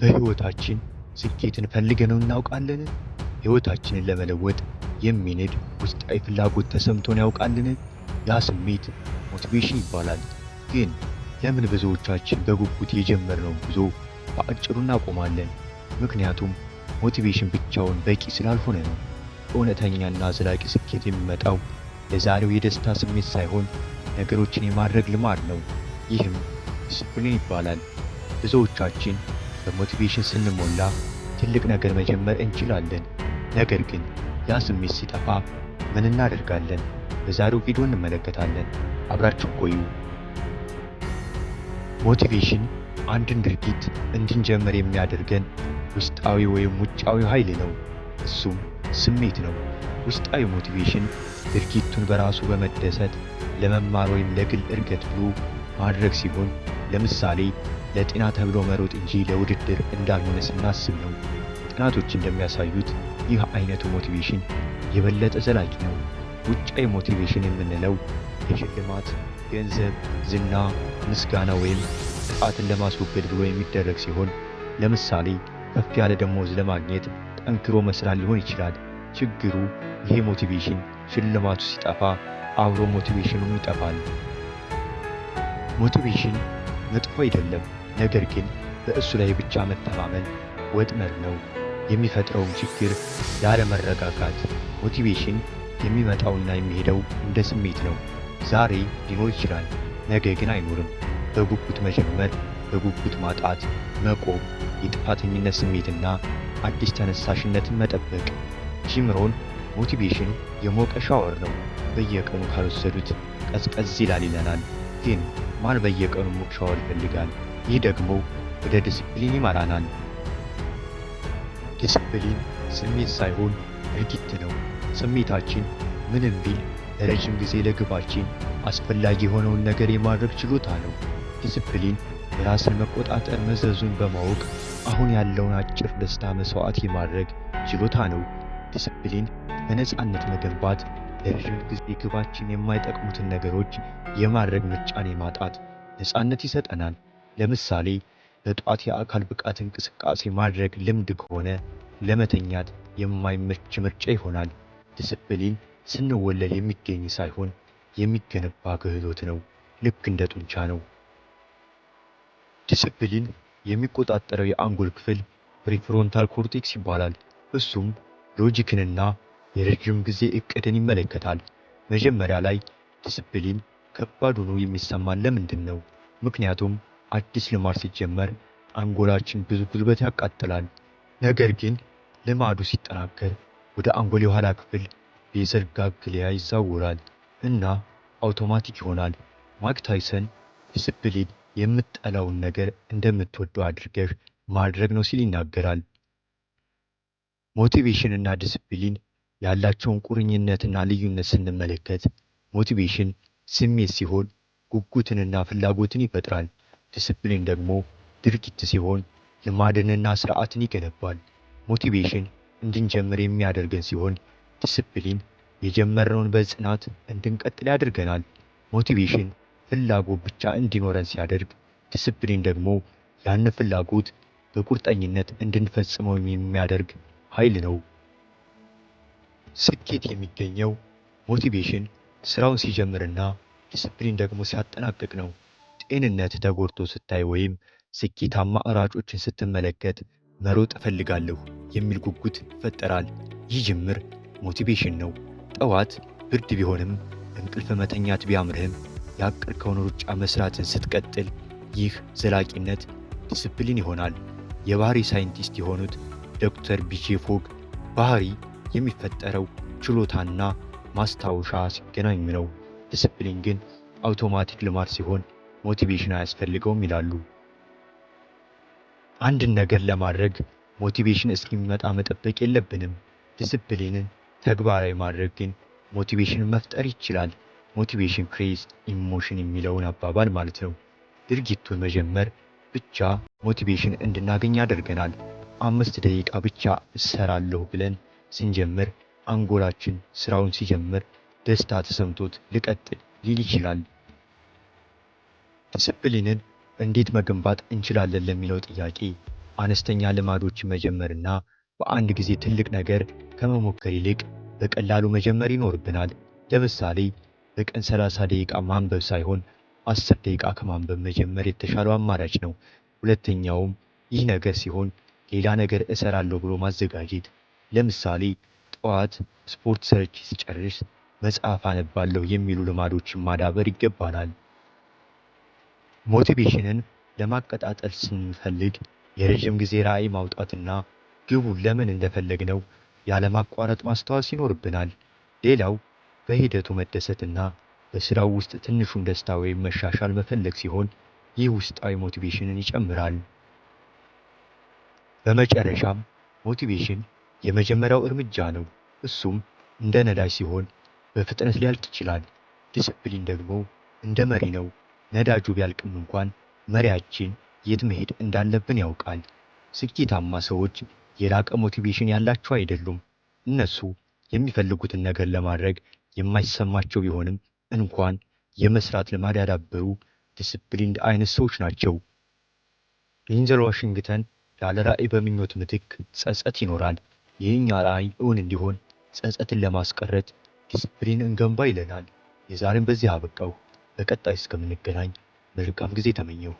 በሕይወታችን ስኬትን ፈልገነው እናውቃለን? ሕይወታችንን ለመለወጥ የሚነድ ውስጣዊ ፍላጎት ተሰምቶን ያውቃልን? ያ ስሜት ሞቲቬሽን ይባላል። ግን ለምን ብዙዎቻችን በጉጉት የጀመርነው ጉዞ በአጭሩ እናቆማለን? ምክንያቱም ሞቲቬሽን ብቻውን በቂ ስላልሆነ ነው። እውነተኛና ዘላቂ ስኬት የሚመጣው ለዛሬው የደስታ ስሜት ሳይሆን ነገሮችን የማድረግ ልማድ ነው። ይህም ዲስፕሊን ይባላል። ብዙዎቻችን በሞቲቬሽን ስንሞላ ትልቅ ነገር መጀመር እንችላለን። ነገር ግን ያ ስሜት ሲጠፋ ምን እናደርጋለን? በዛሬው ቪዲዮ እንመለከታለን። አብራችሁ ቆዩ። ሞቲቬሽን አንድን ድርጊት እንድንጀምር የሚያደርገን ውስጣዊ ወይም ውጫዊ ኃይል ነው። እሱም ስሜት ነው። ውስጣዊ ሞቲቬሽን ድርጊቱን በራሱ በመደሰት ለመማር ወይም ለግል እድገት ብሎ ማድረግ ሲሆን ለምሳሌ ለጤና ተብሎ መሮጥ እንጂ ለውድድር እንዳልሆነ ስናስብ ነው። ጥናቶች እንደሚያሳዩት ይህ አይነቱ ሞቲቬሽን የበለጠ ዘላቂ ነው። ውጫዊ ሞቲቬሽን የምንለው የሽልማት፣ ገንዘብ፣ ዝና፣ ምስጋና ወይም ጥቃትን ለማስወገድ ብሎ የሚደረግ ሲሆን ለምሳሌ ከፍ ያለ ደሞዝ ለማግኘት ጠንክሮ መስራት ሊሆን ይችላል። ችግሩ ይሄ ሞቲቬሽን ሽልማቱ ሲጠፋ አብሮ ሞቲቬሽኑም ይጠፋል። ሞቲቬሽን መጥፎ አይደለም። ነገር ግን በእሱ ላይ ብቻ መተማመን ወጥመድ ነው። የሚፈጥረውን ችግር ያለመረጋጋት። ሞቲቬሽን የሚመጣውና የሚሄደው እንደ ስሜት ነው። ዛሬ ሊኖር ይችላል፣ ነገ ግን አይኖርም። በጉጉት መጀመር፣ በጉጉት ማጣት፣ መቆም፣ የጥፋተኝነት ስሜትና አዲስ ተነሳሽነትን መጠበቅ። ጂም ሮን ሞቲቬሽን የሞቀ ሻወር ነው። በየቀኑ ካልወሰዱት ቀዝቀዝ ይላል ይለናል። ግን ማን በየቀኑ ሞቅ ሻወር ይፈልጋል? ይህ ደግሞ ወደ ዲስፕሊን ይመራናል። ዲስፕሊን ስሜት ሳይሆን ድርጊት ነው። ስሜታችን ምንም ቢል ለረጅም ጊዜ ለግባችን አስፈላጊ የሆነውን ነገር የማድረግ ችሎታ ነው። ዲስፕሊን የራስን መቆጣጠር መዘዙን በማወቅ አሁን ያለውን አጭር ደስታ መስዋዕት የማድረግ ችሎታ ነው። ዲስፕሊን በነፃነት መገንባት፣ ለረዥም ጊዜ ግባችን የማይጠቅሙትን ነገሮች የማድረግ ምርጫን የማጣት ነፃነት ይሰጠናል። ለምሳሌ በጧት የአካል ብቃት እንቅስቃሴ ማድረግ ልምድ ከሆነ ለመተኛት የማይመች ምርጫ ይሆናል። ዲስፕሊን ስንወለድ የሚገኝ ሳይሆን የሚገነባ ክህሎት ነው። ልክ እንደ ጡንቻ ነው። ዲስፕሊን የሚቆጣጠረው የአንጎል ክፍል ፕሪፍሮንታል ኮርቴክስ ይባላል። እሱም ሎጂክንና የረጅም ጊዜ እቅድን ይመለከታል። መጀመሪያ ላይ ዲስፕሊን ከባድ ሆኖ የሚሰማን ለምንድን ነው? ምክንያቱም አዲስ ልማድ ሲጀመር አንጎላችን ብዙ ጉልበት ያቃጥላል። ነገር ግን ልማዱ ሲጠናከር ወደ አንጎል የኋላ ክፍል ቤዘል ጋግሊያ ይዛወራል እና አውቶማቲክ ይሆናል። ማይክ ታይሰን ዲስፕሊን የምትጠላውን ነገር እንደምትወደው አድርገህ ማድረግ ነው ሲል ይናገራል። ሞቲቬሽን እና ዲስፕሊን ያላቸውን ቁርኝነትና ልዩነት ስንመለከት ሞቲቬሽን ስሜት ሲሆን ጉጉትንና ፍላጎትን ይፈጥራል። ዲሲፕሊን ደግሞ ድርጊት ሲሆን ልማድንና ስርዓትን ይገነባል። ሞቲቬሽን እንድንጀምር የሚያደርገን ሲሆን ዲሲፕሊን የጀመርነውን በጽናት እንድንቀጥል ያደርገናል። ሞቲቬሽን ፍላጎት ብቻ እንዲኖረን ሲያደርግ፣ ዲሲፕሊን ደግሞ ያን ፍላጎት በቁርጠኝነት እንድንፈጽመው የሚያደርግ ኃይል ነው። ስኬት የሚገኘው ሞቲቬሽን ስራውን ሲጀምርና ዲሲፕሊን ደግሞ ሲያጠናቅቅ ነው። ጤንነት ተጎድቶ ስታይ ወይም ስኬታማ እራጮችን ስትመለከት መሮጥ እፈልጋለሁ የሚል ጉጉት ይፈጠራል። ይህ ጅምር ሞቲቬሽን ነው። ጠዋት ብርድ ቢሆንም እንቅልፍ መተኛት ቢያምርህም ያቀድከውን ሩጫ መስራትን ስትቀጥል ይህ ዘላቂነት ዲስፕሊን ይሆናል። የባህሪ ሳይንቲስት የሆኑት ዶክተር ቢጄ ፎግ ባህሪ የሚፈጠረው ችሎታና ማስታወሻ ሲገናኙ ነው። ዲስፕሊን ግን አውቶማቲክ ልማድ ሲሆን ሞቲቬሽን አያስፈልገውም ይላሉ። አንድን ነገር ለማድረግ ሞቲቬሽን እስኪመጣ መጠበቅ የለብንም። ዲስፕሊንን ተግባራዊ ማድረግ ግን ሞቲቬሽን መፍጠር ይችላል። ሞቲቬሽን ክሬስ ኢሞሽን የሚለውን አባባል ማለት ነው። ድርጊቱን መጀመር ብቻ ሞቲቬሽን እንድናገኝ ያደርገናል። አምስት ደቂቃ ብቻ እሰራለሁ ብለን ስንጀምር አንጎላችን ስራውን ሲጀምር ደስታ ተሰምቶት ልቀጥል ሊል ይችላል። ዲሲፕሊንን እንዴት መገንባት እንችላለን ለሚለው ጥያቄ አነስተኛ ልማዶችን መጀመርና በአንድ ጊዜ ትልቅ ነገር ከመሞከር ይልቅ በቀላሉ መጀመር ይኖርብናል። ለምሳሌ በቀን 30 ደቂቃ ማንበብ ሳይሆን 10 ደቂቃ ከማንበብ መጀመር የተሻለው አማራጭ ነው። ሁለተኛውም ይህ ነገር ሲሆን ሌላ ነገር እሰራለሁ ብሎ ማዘጋጀት። ለምሳሌ ጠዋት ስፖርት ሰርች ስጨርስ መጽሐፍ አነባለሁ የሚሉ ልማዶችን ማዳበር ይገባናል። ሞቲቬሽንን ለማቀጣጠል ስንፈልግ የረጅም ጊዜ ራዕይ ማውጣትና ግቡን ለምን እንደፈለግነው ያለማቋረጥ ማስታወስ ይኖርብናል። ሌላው በሂደቱ መደሰትና በስራው ውስጥ ትንሹን ደስታ ወይም መሻሻል መፈለግ ሲሆን ይህ ውስጣዊ ሞቲቬሽንን ይጨምራል። በመጨረሻም ሞቲቬሽን የመጀመሪያው እርምጃ ነው። እሱም እንደ ነዳጅ ሲሆን በፍጥነት ሊያልቅ ይችላል። ዲስፕሊን ደግሞ እንደ መሪ ነው። ነዳጁ ቢያልቅም እንኳን መሪያችን የት መሄድ እንዳለብን ያውቃል። ስኬታማ ሰዎች የላቀ ሞቲቬሽን ያላቸው አይደሉም። እነሱ የሚፈልጉትን ነገር ለማድረግ የማይሰማቸው ቢሆንም እንኳን የመስራት ልማድ ያዳበሩ ዲስፕሊንድ አይነት ሰዎች ናቸው። ዴንዘል ዋሽንግተን ያለ ራዕይ በምኞት ምትክ ጸጸት ይኖራል። የእኛ ራዕይ እውን እንዲሆን ጸጸትን ለማስቀረት ዲስፕሊን እንገንባ ይለናል። የዛሬን በዚህ አበቃው። በቀጣይ እስከምንገናኝ መልካም ጊዜ ተመኘው